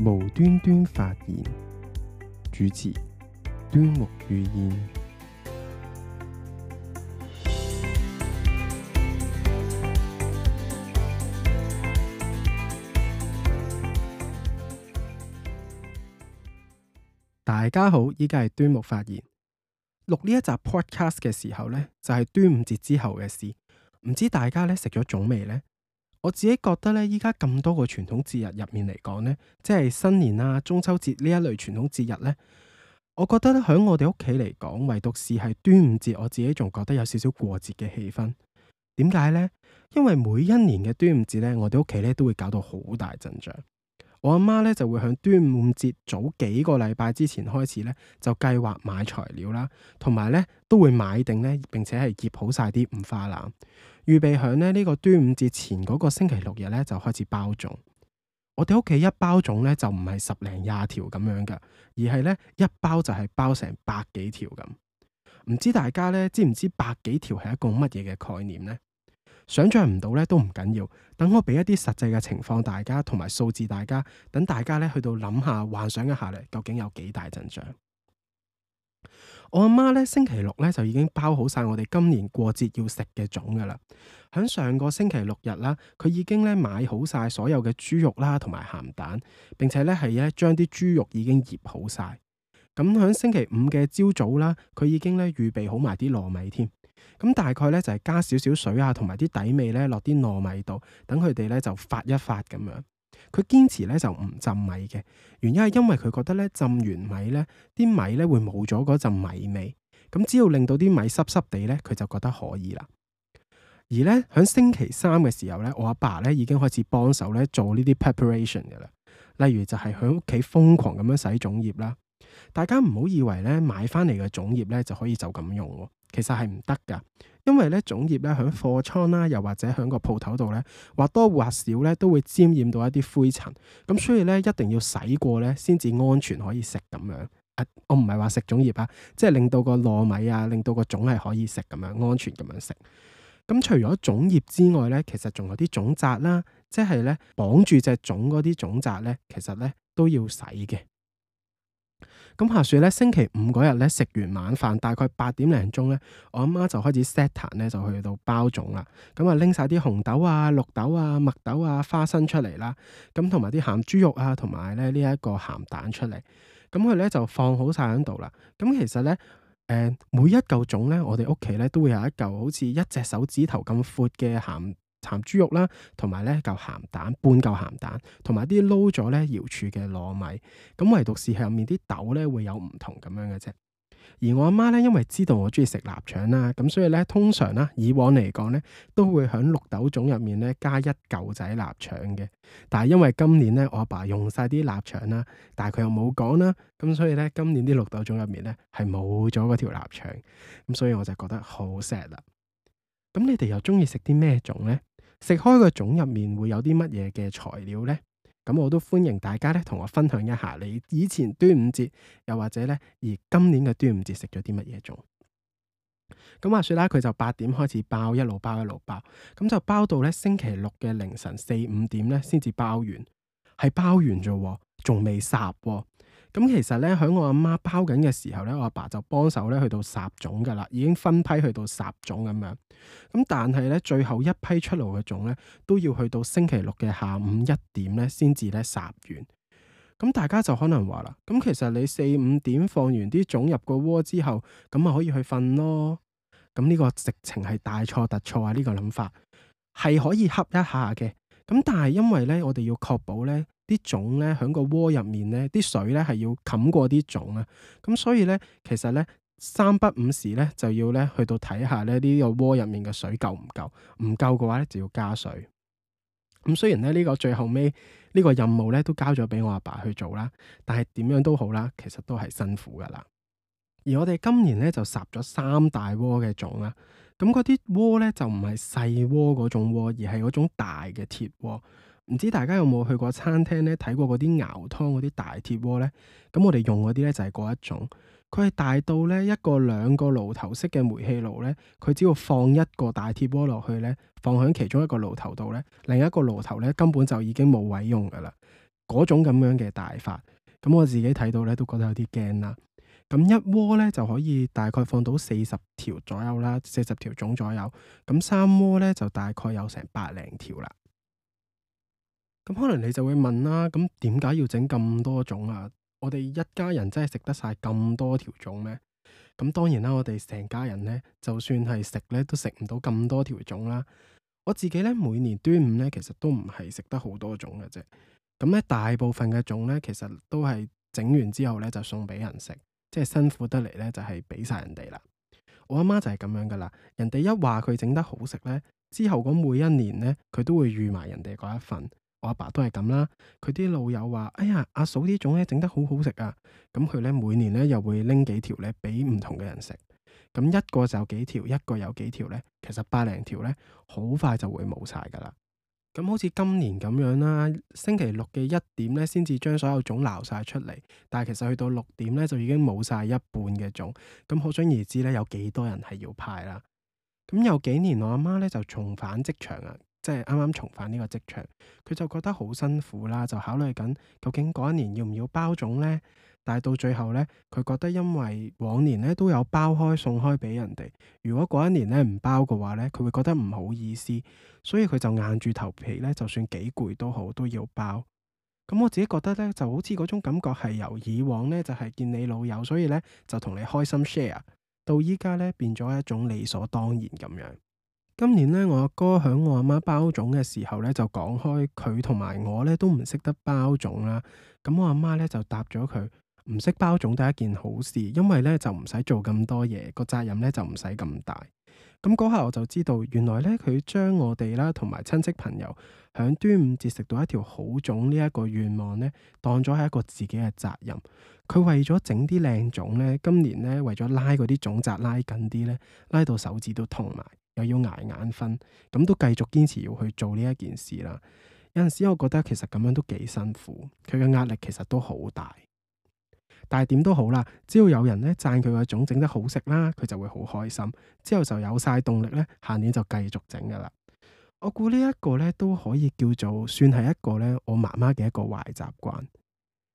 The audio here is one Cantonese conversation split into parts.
無端端發言，主持端木遇燕。大家好，依家係端木發言。錄呢一集 podcast 嘅時候呢，就係、是、端午節之後嘅事。唔知大家呢，食咗粽未呢？我自己覺得咧，依家咁多個傳統節日入面嚟講咧，即係新年啊、中秋節呢一類傳統節日咧，我覺得喺我哋屋企嚟講，唯獨是係端午節，我自己仲覺得有少少過節嘅氣氛。點解咧？因為每一年嘅端午節咧，我哋屋企咧都會搞到好大陣仗。我阿媽咧就會喺端午節早幾個禮拜之前開始咧就計劃買材料啦，同埋咧都會買定咧，並且係醃好晒啲五花腩。預備喺咧呢個端午節前嗰個星期六日咧就開始包粽。我哋屋企一包粽咧就唔係十零廿條咁樣噶，而係咧一包就係包成百幾條咁。唔知大家咧知唔知百幾條係一個乜嘢嘅概念咧？想象唔到咧都唔緊要，等我俾一啲實際嘅情況，大家同埋數字，大家等大家咧去到諗下，幻想一下咧究竟有幾大陣仗。我阿媽咧星期六咧就已經包好晒我哋今年過節要食嘅粽噶啦，喺上個星期六日啦，佢已經咧買好晒所有嘅豬肉啦，同埋鹹蛋，並且咧係咧將啲豬肉已經醃好晒。咁喺星期五嘅朝早啦，佢已經咧預備好埋啲糯米添。咁大概咧就係加少少水啊，同埋啲底味咧落啲糯米度，等佢哋咧就發一發咁樣。佢堅持咧就唔浸米嘅，原因係因為佢覺得咧浸完米咧啲米咧會冇咗嗰陣米味。咁只要令到啲米濕濕地咧，佢就覺得可以啦。而咧喺星期三嘅時候咧，我阿爸咧已經開始幫手咧做呢啲 preparation 嘅啦，例如就係喺屋企瘋狂咁樣洗粽葉啦。大家唔好以為咧買翻嚟嘅粽葉咧就可以就咁用。其實係唔得㗎，因為咧粽葉咧喺貨倉啦，又或者喺個鋪頭度咧，或多或少咧都會沾染到一啲灰塵，咁所以咧一定要洗過咧先至安全可以食咁樣。啊，我唔係話食粽葉啊，葉即係令到個糯米啊，令到個粽係可以食咁樣安全咁樣食。咁、嗯、除咗粽葉之外咧，其實仲有啲粽紮啦，即係咧綁住隻粽嗰啲粽紮咧，其實咧都要洗嘅。咁下雪咧，星期五嗰日咧，食完晚飯大概八點零鐘咧，我阿媽就開始 set 壇咧，就去到包粽啦。咁啊，拎晒啲紅豆啊、綠豆啊、麥豆啊、花生出嚟啦。咁同埋啲鹹豬肉啊，同埋咧呢一個鹹蛋出嚟。咁佢咧就放好晒喺度啦。咁其實咧，誒、呃，每一嚿粽咧，我哋屋企咧都會有一嚿好似一隻手指頭咁闊嘅鹹。鹹豬肉啦，同埋咧嚿鹹蛋，半嚿鹹蛋，同埋啲撈咗咧瑤柱嘅糯米，咁唯獨是入面啲豆咧會有唔同咁樣嘅啫。而我阿媽咧，因為知道我中意食臘腸啦，咁所以咧通常啦，以往嚟講咧都會響綠豆粽入面咧加一嚿仔臘腸嘅。但係因為今年咧我阿爸用晒啲臘腸啦，但係佢又冇講啦，咁所以咧今年啲綠豆粽入面咧係冇咗嗰條臘腸，咁所以我就覺得好 sad 啦。咁你哋又中意食啲咩粽呢？食開個粽入面會有啲乜嘢嘅材料呢？咁我都歡迎大家咧同我分享一下，你以前端午節又或者咧而今年嘅端午節食咗啲乜嘢粽？咁話說啦，佢就八點開始包，一路包一路包，咁就包到咧星期六嘅凌晨四五點咧先至包完，係包完啫、哦，仲未殺。咁其實咧，喺我阿媽包緊嘅時候咧，我阿爸，爸就幫手咧去到煠糉噶啦，已經分批去到煠糉咁樣。咁但係咧，最後一批出爐嘅糉咧，都要去到星期六嘅下午一點咧，先至咧煠完。咁大家就可能話啦，咁其實你四五點放完啲糉入個鍋之後，咁咪可以去瞓咯。咁、這、呢個直情係大錯特錯啊！呢、這個諗法係可以恰一下嘅。咁但係因為咧，我哋要確保咧。啲種咧喺個窩入面咧，啲水咧係要冚過啲種啊，咁所以咧其實咧三不五時咧就要咧去到睇下咧呢個窩入面嘅水夠唔夠，唔夠嘅話咧就要加水。咁、嗯、雖然咧呢、呢個最後尾呢、呢個任務咧都交咗俾我阿爸，爸去做啦，但係點樣都好啦，其實都係辛苦噶啦。而我哋今年咧就插咗三大窩嘅種啦。咁嗰啲鍋咧就唔係細鍋嗰種鍋，而係嗰種大嘅鐵鍋。唔知大家有冇去過餐廳咧睇過嗰啲熬湯嗰啲大鐵鍋咧？咁我哋用嗰啲咧就係嗰一種，佢係大到咧一個兩個爐頭式嘅煤氣爐咧，佢只要放一個大鐵鍋落去咧，放喺其中一個爐頭度咧，另一個爐頭咧根本就已經冇位用噶啦。嗰種咁樣嘅大法，咁我自己睇到咧都覺得有啲驚啦。咁一窩咧就可以大概放到四十條左右啦，四十條粽左右。咁三窩咧就大概有成百零條啦。咁可能你就會問啦，咁點解要整咁多種啊？我哋一家人真係食得晒咁多條粽咩？咁當然啦，我哋成家人咧，就算係食咧，都食唔到咁多條粽啦。我自己咧，每年端午咧，其實都唔係食得好多種嘅啫。咁咧，大部分嘅粽咧，其實都係整完之後咧，就送俾人食。即係辛苦得嚟咧，就係俾晒人哋啦。我阿媽就係咁樣噶啦，人哋一話佢整得好食咧，之後嗰每一年咧，佢都會預埋人哋嗰一份。我阿爸，爸都係咁啦，佢啲老友話：哎呀，阿嫂呢粽咧整得好好食啊！咁佢咧每年咧又會拎幾條咧俾唔同嘅人食。咁一個就有幾條，一個有幾條咧，其實百零條咧，好快就會冇晒噶啦。咁好似今年咁樣啦，星期六嘅一點咧，先至將所有種撈晒出嚟，但係其實去到六點咧，就已經冇晒一半嘅種。咁可想而知咧，有幾多人係要派啦？咁有幾年我阿媽咧就重返職場喇！即係啱啱重返呢個職場，佢就覺得好辛苦啦，就考慮緊究竟嗰一年要唔要包粽呢？但係到最後呢，佢覺得因為往年呢都有包開送開俾人哋，如果嗰一年呢唔包嘅話呢，佢會覺得唔好意思，所以佢就硬住頭皮呢，就算幾攰都好都要包。咁我自己覺得呢，就好似嗰種感覺係由以往呢就係見你老友，所以呢就同你開心 share，到依家呢變咗一種理所當然咁樣。今年咧，我阿哥響我阿媽包粽嘅時候咧，就講開佢同埋我咧都唔識得包粽啦。咁我阿媽咧就答咗佢，唔識包粽都係一件好事，因為咧就唔使做咁多嘢，個責任咧就唔使咁大。咁嗰下我就知道，原來咧佢將我哋啦同埋親戚朋友響端午節食到一條好粽呢一個願望咧，當咗係一個自己嘅責任。佢為咗整啲靚粽咧，今年咧為咗拉嗰啲粽紮拉緊啲咧，拉到手指都痛埋。又要捱眼瞓，咁都繼續堅持要去做呢一件事啦。有陣時，我覺得其實咁樣都幾辛苦，佢嘅壓力其實都好大。但係點都好啦，只要有人咧讚佢個粽整得好食啦，佢就會好開心，之後就有晒動力咧，下年就繼續整噶啦。我估呢一個咧都可以叫做算係一個咧我媽媽嘅一個壞習慣。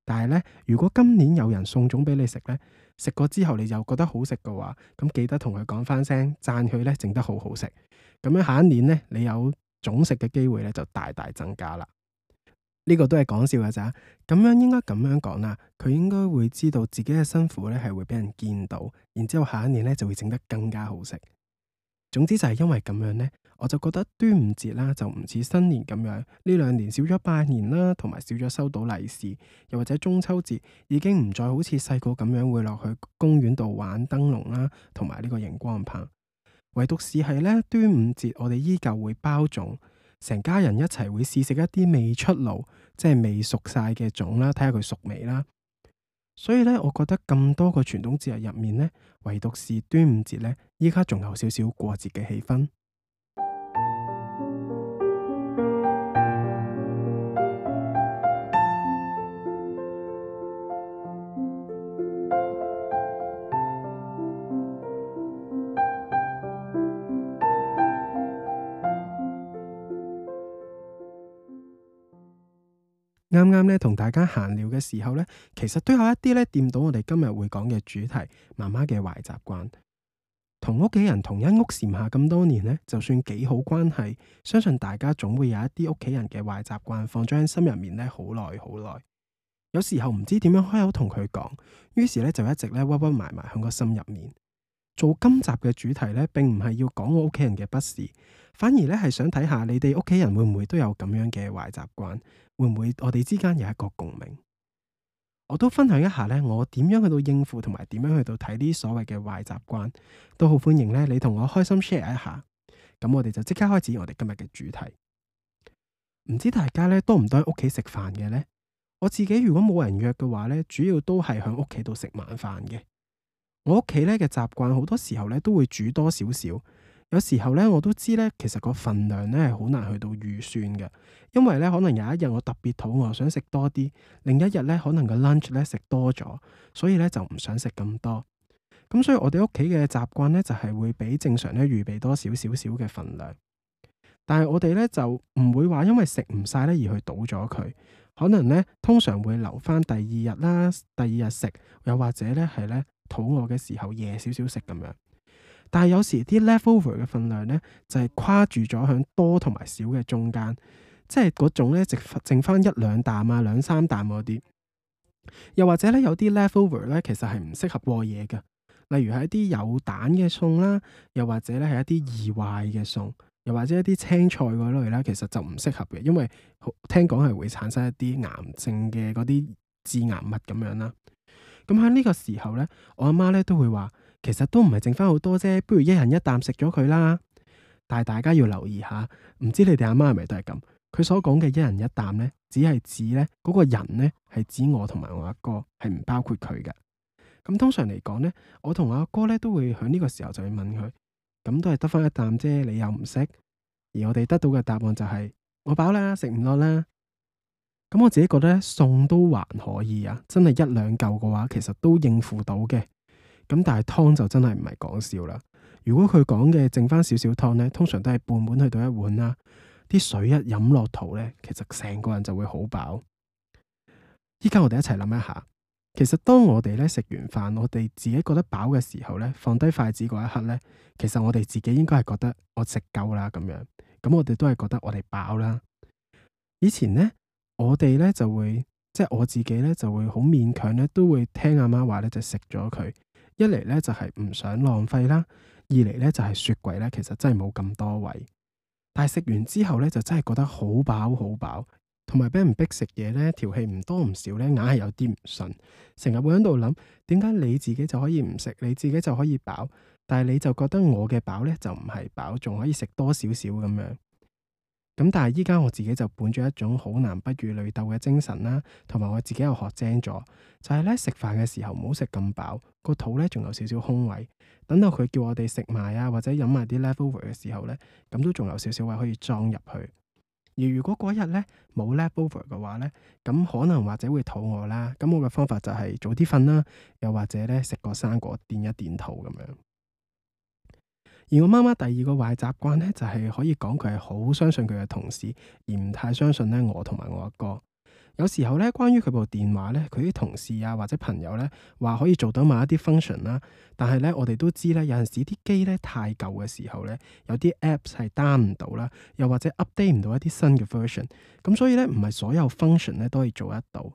但係咧，如果今年有人送粽俾你食咧，食過之後你又覺得好食嘅話，咁記得同佢講翻聲，贊佢咧整得好好食。咁樣下一年咧，你有粽食嘅機會咧就大大增加啦。呢個都係講笑噶咋？咁樣應該咁樣講啦，佢應該會知道自己嘅辛苦咧係會俾人見到，然之後下一年咧就會整得更加好食。總之就係因為咁樣咧。我就覺得端午節啦，就唔似新年咁樣，呢兩年少咗拜年啦，同埋少咗收到利是，又或者中秋節已經唔再好似細個咁樣會落去公園度玩燈籠啦，同埋呢個螢光棒。唯獨是係呢，端午節，我哋依舊會包粽，成家人一齊會試食一啲未出爐，即係未熟晒嘅粽啦，睇下佢熟未啦。所以呢，我覺得咁多個傳統節日入面呢，唯獨是端午節呢，依家仲有少少過節嘅氣氛。啱啱咧同大家閒聊嘅時候呢，其實都有一啲呢掂到我哋今日會講嘅主題，媽媽嘅壞習慣。同屋企人同一屋檐下咁多年呢，就算幾好關係，相信大家總會有一啲屋企人嘅壞習慣放喺心入面呢，好耐好耐。有時候唔知點樣開口同佢講，於是呢就一直呢屈屈埋埋響個心入面。做今集嘅主題呢，並唔係要講我屋企人嘅不是，反而呢係想睇下你哋屋企人會唔會都有咁樣嘅壞習慣。會唔會我哋之間有一個共鳴？我都分享一下呢。我點樣去到應付同埋點樣去到睇啲所謂嘅壞習慣，都好歡迎呢。你同我開心 share 一下。咁我哋就即刻開始我哋今日嘅主題。唔知大家呢多唔多喺屋企食飯嘅呢？我自己如果冇人約嘅話呢，主要都係響屋企度食晚飯嘅。我屋企呢嘅習慣好多時候呢都會煮多少少。有時候咧，我都知咧，其實個份量咧係好難去到預算嘅，因為咧可能有一日我特別肚餓，想食多啲；另一日咧，可能個 lunch 咧食多咗，所以咧就唔想食咁多。咁所以我哋屋企嘅習慣咧，就係會比正常咧預備多少少少嘅份量。但係我哋咧就唔會話因為食唔晒咧而去倒咗佢。可能咧通常會留返第二日啦，第二日食，又或者咧係咧肚餓嘅時候夜少少食咁樣。但係有時啲 leftover 嘅份量咧，就係、是、跨住咗喺多同埋少嘅中間，即係嗰種咧，剩剩翻一兩啖啊，兩三啖嗰啲。又或者咧，有啲 leftover 咧，其實係唔適合過夜嘅。例如係一啲有蛋嘅餸啦，又或者咧係一啲意外嘅餸，又或者一啲青菜嗰類啦，其實就唔適合嘅，因為聽講係會產生一啲癌症嘅嗰啲致癌物咁樣啦。咁喺呢個時候咧，我阿媽咧都會話。其實都唔係剩翻好多啫，不如一人一啖食咗佢啦。但係大家要留意下，唔知你哋阿媽係咪都係咁？佢所講嘅一人一啖呢，只係指呢嗰個人呢，係指我同埋我阿哥，係唔包括佢嘅。咁通常嚟講呢，我同我阿哥呢，都會響呢個時候就會問佢，咁都係得翻一啖啫，你又唔識？而我哋得到嘅答案就係我飽啦，食唔落啦。咁我自己覺得呢，餸都還可以啊，真係一兩嚿嘅話，其實都應付到嘅。咁但係湯就真係唔係講笑啦。如果佢講嘅剩翻少少湯呢，通常都係半碗去到一碗啦。啲水一飲落肚呢，其實成個人就會好飽。依家我哋一齊諗一下，其實當我哋呢，食完飯，我哋自己覺得飽嘅時候呢，放低筷子嗰一刻呢，其實我哋自己應該係覺得我食夠啦咁樣。咁我哋都係覺得我哋飽啦。以前呢，我哋呢就會，即係我自己呢就會好勉強呢，都會聽阿媽話呢，就食咗佢。一嚟咧就係唔想浪費啦，二嚟咧就係雪櫃咧其實真係冇咁多位，但係食完之後咧就真係覺得好飽好飽，同埋俾人逼食嘢咧條氣唔多唔少咧硬係有啲唔順，成日會喺度諗，點解你自己就可以唔食，你自己就可以飽，但係你就覺得我嘅飽咧就唔係飽，仲可以食多少少咁樣。咁但係依家，我自己就本住一種好男不與女鬥嘅精神啦，同埋我自己又學精咗，就係咧食飯嘅時候唔好食咁飽，個肚咧仲有少少空位，等到佢叫我哋食埋啊，或者飲埋啲 leftover 嘅時候咧，咁都仲有少少位可以裝入去。而如果嗰日咧冇 leftover 嘅話咧，咁可能或者會肚餓啦。咁我嘅方法就係早啲瞓啦，又或者咧食個生果墊一墊肚咁樣。而我媽媽第二個壞習慣咧，就係可以講佢係好相信佢嘅同事，而唔太相信咧我同埋我阿哥。有時候咧，關於佢部電話咧，佢啲同事啊或者朋友咧話可以做到埋一啲 function 啦。但係咧，我哋都知咧有陣時啲機咧太舊嘅時候咧，有啲 apps 係 down 唔到啦，又或者 update 唔到一啲新嘅 version。咁所以咧，唔係所有 function 咧都可以做得到。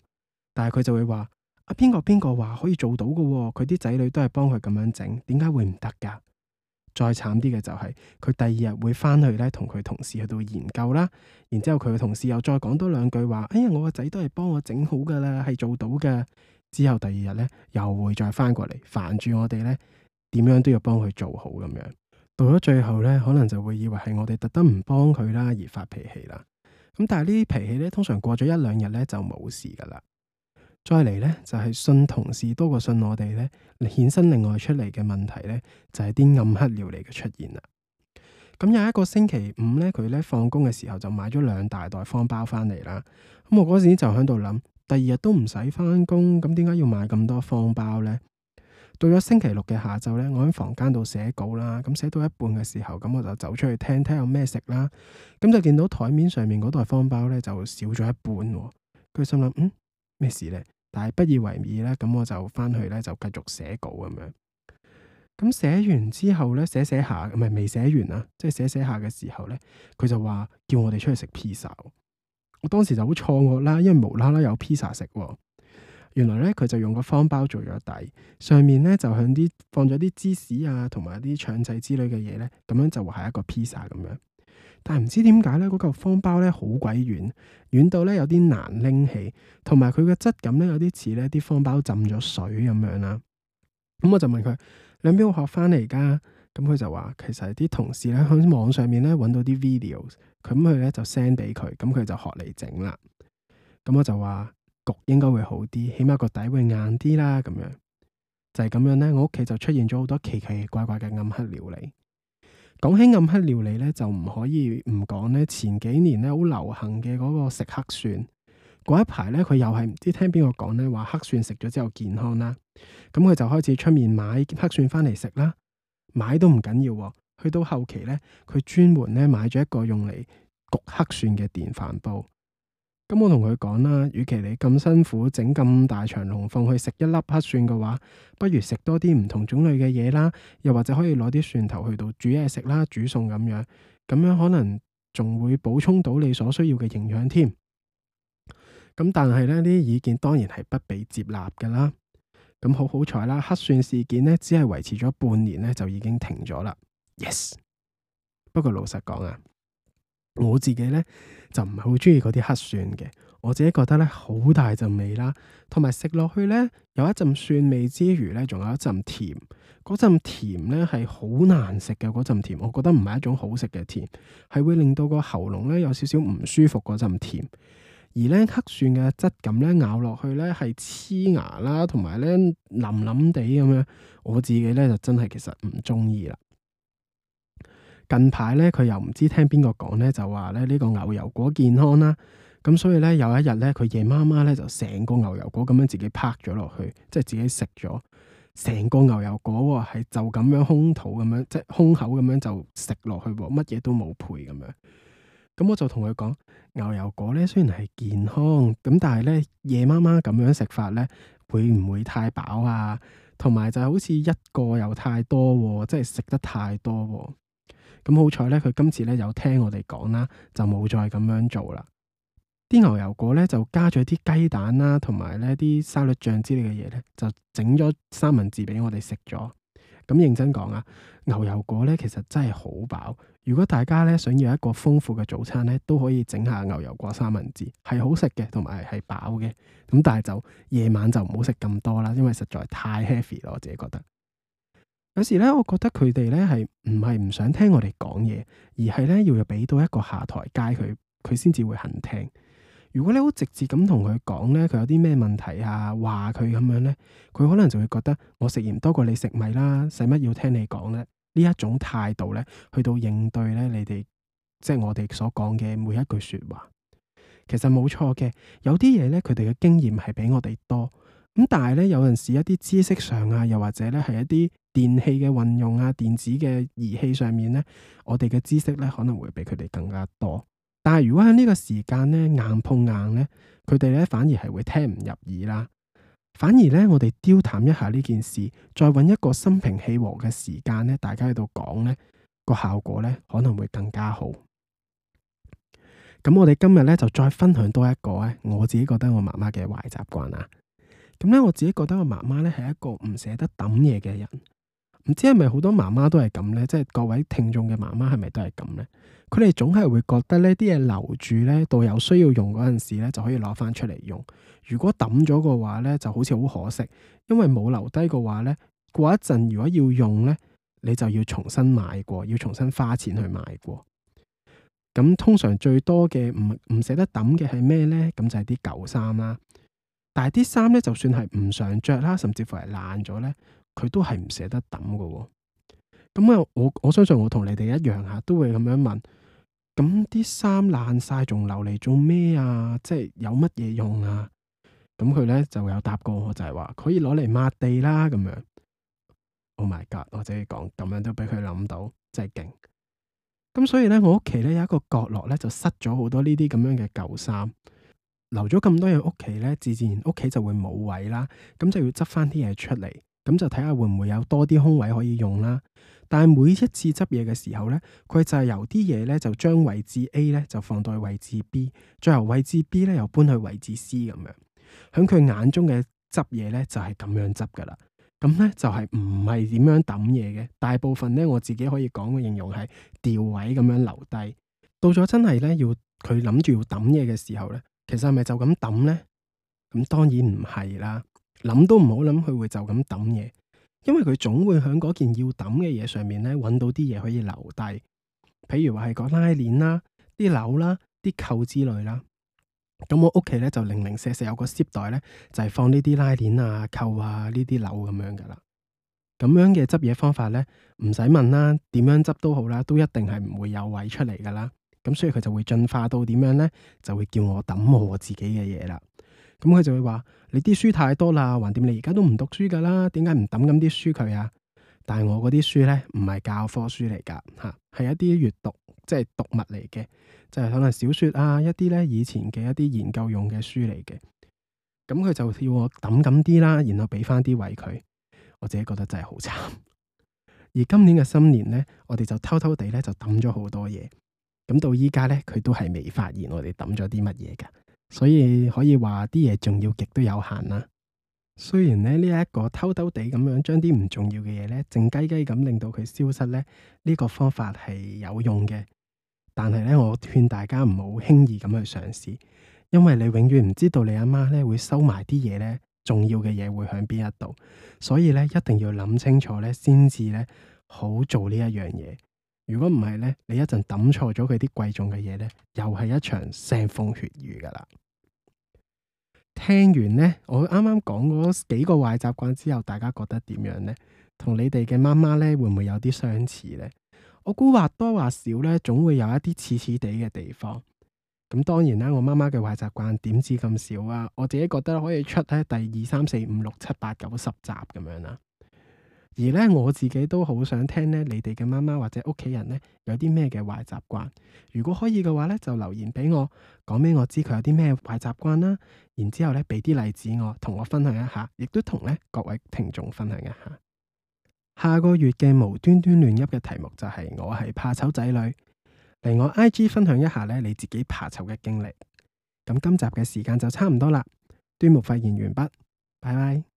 但係佢就會話啊，邊個邊個話可以做到噶？佢啲仔女都係幫佢咁樣整，點解會唔得噶？再慘啲嘅就係佢第二日會翻去咧，同佢同事去到研究啦。然之後佢嘅同事又再講多兩句話，哎呀，我個仔都係幫我整好噶啦，係做到噶。之後第二日咧又會再翻過嚟煩住我哋咧，點樣都要幫佢做好咁樣。到咗最後咧，可能就會以為係我哋特登唔幫佢啦而發脾氣啦。咁但係呢啲脾氣咧，通常過咗一兩日咧就冇事噶啦。再嚟呢，就係信同事多過信我哋呢。衍生另外出嚟嘅問題呢，就係啲暗黑料理嘅出現啦。咁有一個星期五呢，佢呢放工嘅時候就買咗兩大袋方包翻嚟啦。咁我嗰時就喺度諗，第二日都唔使翻工，咁點解要買咁多方包呢？」到咗星期六嘅下晝呢，我喺房間度寫稿啦。咁寫到一半嘅時候，咁我就走出去聽聽有咩食啦。咁就見到台面上面嗰袋方包呢，就少咗一半喎。佢心諗，嗯。咩事咧？但係不以為意咧，咁我就返去咧就繼續寫稿咁樣。咁、嗯、寫完之後咧，寫寫下唔係未寫完啊，即係寫寫下嘅時候咧，佢就話叫我哋出去食披薩。我當時就好錯愕啦，因為無啦啦有披薩食。原來咧佢就用個方包做咗底，上面咧就向啲放咗啲芝士啊，同埋啲腸仔之類嘅嘢咧，咁樣就係一個披薩咁樣。但唔知點解咧，嗰嚿方包咧好鬼軟，軟到咧有啲難拎起，同埋佢嘅質感咧有啲似咧啲方包浸咗水咁樣啦。咁我就問佢，兩邊我學翻嚟噶？咁佢就話，其實啲同事咧喺網上面咧搵到啲 video，咁佢咧就 send 俾佢，咁佢就學嚟整啦。咁我就話焗應該會好啲，起碼個底會硬啲啦。咁樣就係咁樣咧，我屋企就出現咗好多奇奇怪怪嘅暗黑料理。講起暗黑料理咧，就唔可以唔講咧。前幾年咧，好流行嘅嗰個食黑蒜，嗰一排咧，佢又係唔知聽邊個講咧，話黑蒜食咗之後健康啦。咁佢就開始出面買黑蒜翻嚟食啦。買都唔緊要喎，去到後期咧，佢專門咧買咗一個用嚟焗黑蒜嘅電飯煲。咁、嗯、我同佢講啦，與其你咁辛苦整咁大長龍鳳去食一粒黑蒜嘅話，不如食多啲唔同種類嘅嘢啦，又或者可以攞啲蒜頭去到煮嘢食啦，煮餸咁樣，咁樣可能仲會補充到你所需要嘅營養添。咁、嗯、但係呢啲意見當然係不被接納噶啦。咁好好彩啦，黑蒜事件呢只係維持咗半年呢，就已經停咗啦。Yes，不過老實講啊。我自己咧就唔係好中意嗰啲黑蒜嘅，我自己覺得咧好大陣味啦，同埋食落去咧有一陣蒜味之餘咧，仲有一陣甜，嗰陣甜咧係好難食嘅嗰陣甜，我覺得唔係一種好食嘅甜，係會令到個喉嚨咧有少少唔舒服嗰陣甜，而咧黑蒜嘅質感咧咬落去咧係黐牙啦，同埋咧腍腍哋咁樣，我自己咧就真係其實唔中意啦。近排咧，佢又唔知聽邊個講咧，就話咧呢個牛油果健康啦。咁所以咧有一日咧，佢夜媽媽咧就成個牛油果咁樣自己拍咗落去，即係自己食咗成個牛油果喎，係就咁樣空肚咁樣即係空口咁樣就食落去，乜嘢都冇配咁樣。咁我就同佢講，牛油果咧雖然係健康，咁但係咧夜媽媽咁樣食法咧，會唔會太飽啊？同埋就係好似一個又太多喎，即係食得太多喎。咁好彩咧，佢今次咧有聽我哋講啦，就冇再咁樣做啦。啲牛油果咧就加咗啲雞蛋啦，同埋咧啲沙律醬之類嘅嘢，咧就整咗三文治俾我哋食咗。咁認真講啊，牛油果咧、嗯、其實真係好飽。如果大家咧想要一個豐富嘅早餐咧，都可以整下牛油果三文治，係好食嘅，同埋係飽嘅。咁但係就夜晚就唔好食咁多啦，因為實在太 heavy 咯，我自己覺得。有時咧，我覺得佢哋咧係唔係唔想聽我哋講嘢，而係咧要俾到一個下台階，佢佢先至會肯聽。如果你好直接咁同佢講咧，佢有啲咩問題啊，話佢咁樣咧，佢可能就會覺得我食鹽多過你食米啦，使乜要聽你講咧？呢一種態度咧，去到應對咧，你哋即係我哋所講嘅每一句説話，其實冇錯嘅。有啲嘢咧，佢哋嘅經驗係比我哋多咁，但係咧有陣時一啲知識上啊，又或者咧係一啲，電器嘅運用啊，電子嘅儀器上面呢，我哋嘅知識咧可能會比佢哋更加多。但係如果喺呢個時間呢，硬碰硬呢，佢哋呢反而係會聽唔入耳啦。反而呢，我哋丟淡一下呢件事，再揾一個心平氣和嘅時間呢，大家喺度講呢個效果呢可能會更加好。咁我哋今日呢，就再分享多一個咧，我自己覺得我媽媽嘅壞習慣啊。咁咧我自己覺得我媽媽呢係一個唔捨得抌嘢嘅人。唔知係咪好多媽媽都係咁呢？即係各位聽眾嘅媽媽係咪都係咁呢？佢哋總係會覺得呢啲嘢，留住呢，到有需要用嗰陣時呢，就可以攞翻出嚟用。如果抌咗嘅話呢，就好似好可惜，因為冇留低嘅話呢。過一陣如果要用呢，你就要重新買過，要重新花錢去買過。咁通常最多嘅唔唔捨得抌嘅係咩呢？咁就係啲舊衫啦。但係啲衫呢，就算係唔常着啦，甚至乎係爛咗呢。佢都係唔捨得抌嘅，哦，咁啊，我我相信我同你哋一樣吓，啊，都會咁樣問。咁啲衫爛晒，仲留嚟做咩啊？即係有乜嘢用啊？咁佢咧就有答過我，就係、是、話可以攞嚟抹地啦，咁樣。Oh my god，或者你講，咁樣都俾佢諗到，真係勁。咁所以咧，我屋企咧有一個角落咧，就塞咗好多呢啲咁樣嘅舊衫，留咗咁多嘢，屋企咧自自然屋企就會冇位啦。咁就要執翻啲嘢出嚟。咁就睇下會唔會有多啲空位可以用啦。但係每一次執嘢嘅時候呢，佢就係由啲嘢呢就將位置 A 呢就放到位置 B，再由位置 B 呢又搬去位置 C 咁樣。喺佢眼中嘅執嘢呢就係咁樣執噶啦。咁呢就係唔係點樣抌嘢嘅？大部分呢，我自己可以講嘅形容係掉位咁樣留低。到咗真係呢，要佢諗住要抌嘢嘅時候呢，其實係咪就咁抌呢？咁當然唔係啦。諗都唔好諗，佢會就咁抌嘢，因為佢總會喺嗰件要抌嘅嘢上面咧，搵到啲嘢可以留低。譬如話係個拉鏈啦、啲鈕啦、啲扣之類啦。咁我屋企咧就零零舍舍有個攝袋咧，就係放呢啲拉鏈啊、扣啊、呢啲鈕咁樣噶啦。咁樣嘅執嘢方法咧，唔使問啦，點樣執都好啦，都一定係唔會有位出嚟噶啦。咁所以佢就會進化到點樣咧，就會叫我抌我自己嘅嘢啦。咁佢就會話：你啲書太多啦，還掂你而家都唔讀書噶啦，點解唔抌咁啲書佢啊？但係我嗰啲書咧，唔係教科書嚟噶，吓係一啲閱讀即係讀物嚟嘅，就係可能小說啊，一啲咧以前嘅一啲研究用嘅書嚟嘅。咁佢就要我抌咁啲啦，然後俾翻啲位佢。我自己覺得真係好慘。而今年嘅新年咧，我哋就偷偷地咧就抌咗好多嘢，咁到依家咧佢都係未發現我哋抌咗啲乜嘢噶。所以可以話啲嘢重要極都有限啦。雖然咧呢一個偷偷地咁樣將啲唔重要嘅嘢咧靜雞雞咁令到佢消失呢，呢個方法係有用嘅，但係呢，我勸大家唔好輕易咁去嘗試，因為你永遠唔知道你阿媽咧會收埋啲嘢呢重要嘅嘢會響邊一度，所以呢，一定要諗清楚咧先至咧好做呢一樣嘢。如果唔係呢，你一陣抌錯咗佢啲貴重嘅嘢呢，又係一場腥風血雨噶啦。聽完呢，我啱啱講嗰幾個壞習慣之後，大家覺得點樣呢？同你哋嘅媽媽呢，會唔會有啲相似呢？我估話多話少呢，總會有一啲似似地嘅地方。咁當然啦，我媽媽嘅壞習慣點知咁少啊？我自己覺得可以出喺第二三四五六七八九十集咁樣啦。而呢，我自己都好想聽呢，你哋嘅媽媽或者屋企人呢，有啲咩嘅壞習慣？如果可以嘅話呢，就留言俾我，講俾我知佢有啲咩壞習慣啦。然之後咧，俾啲例子我，同我分享一下，亦都同咧各位聽眾分享一下。下個月嘅無端端亂噏嘅題目就係、是、我係怕醜仔女，嚟我 I G 分享一下咧你自己怕醜嘅經歷。咁今集嘅時間就差唔多啦，端木發言完畢，拜拜。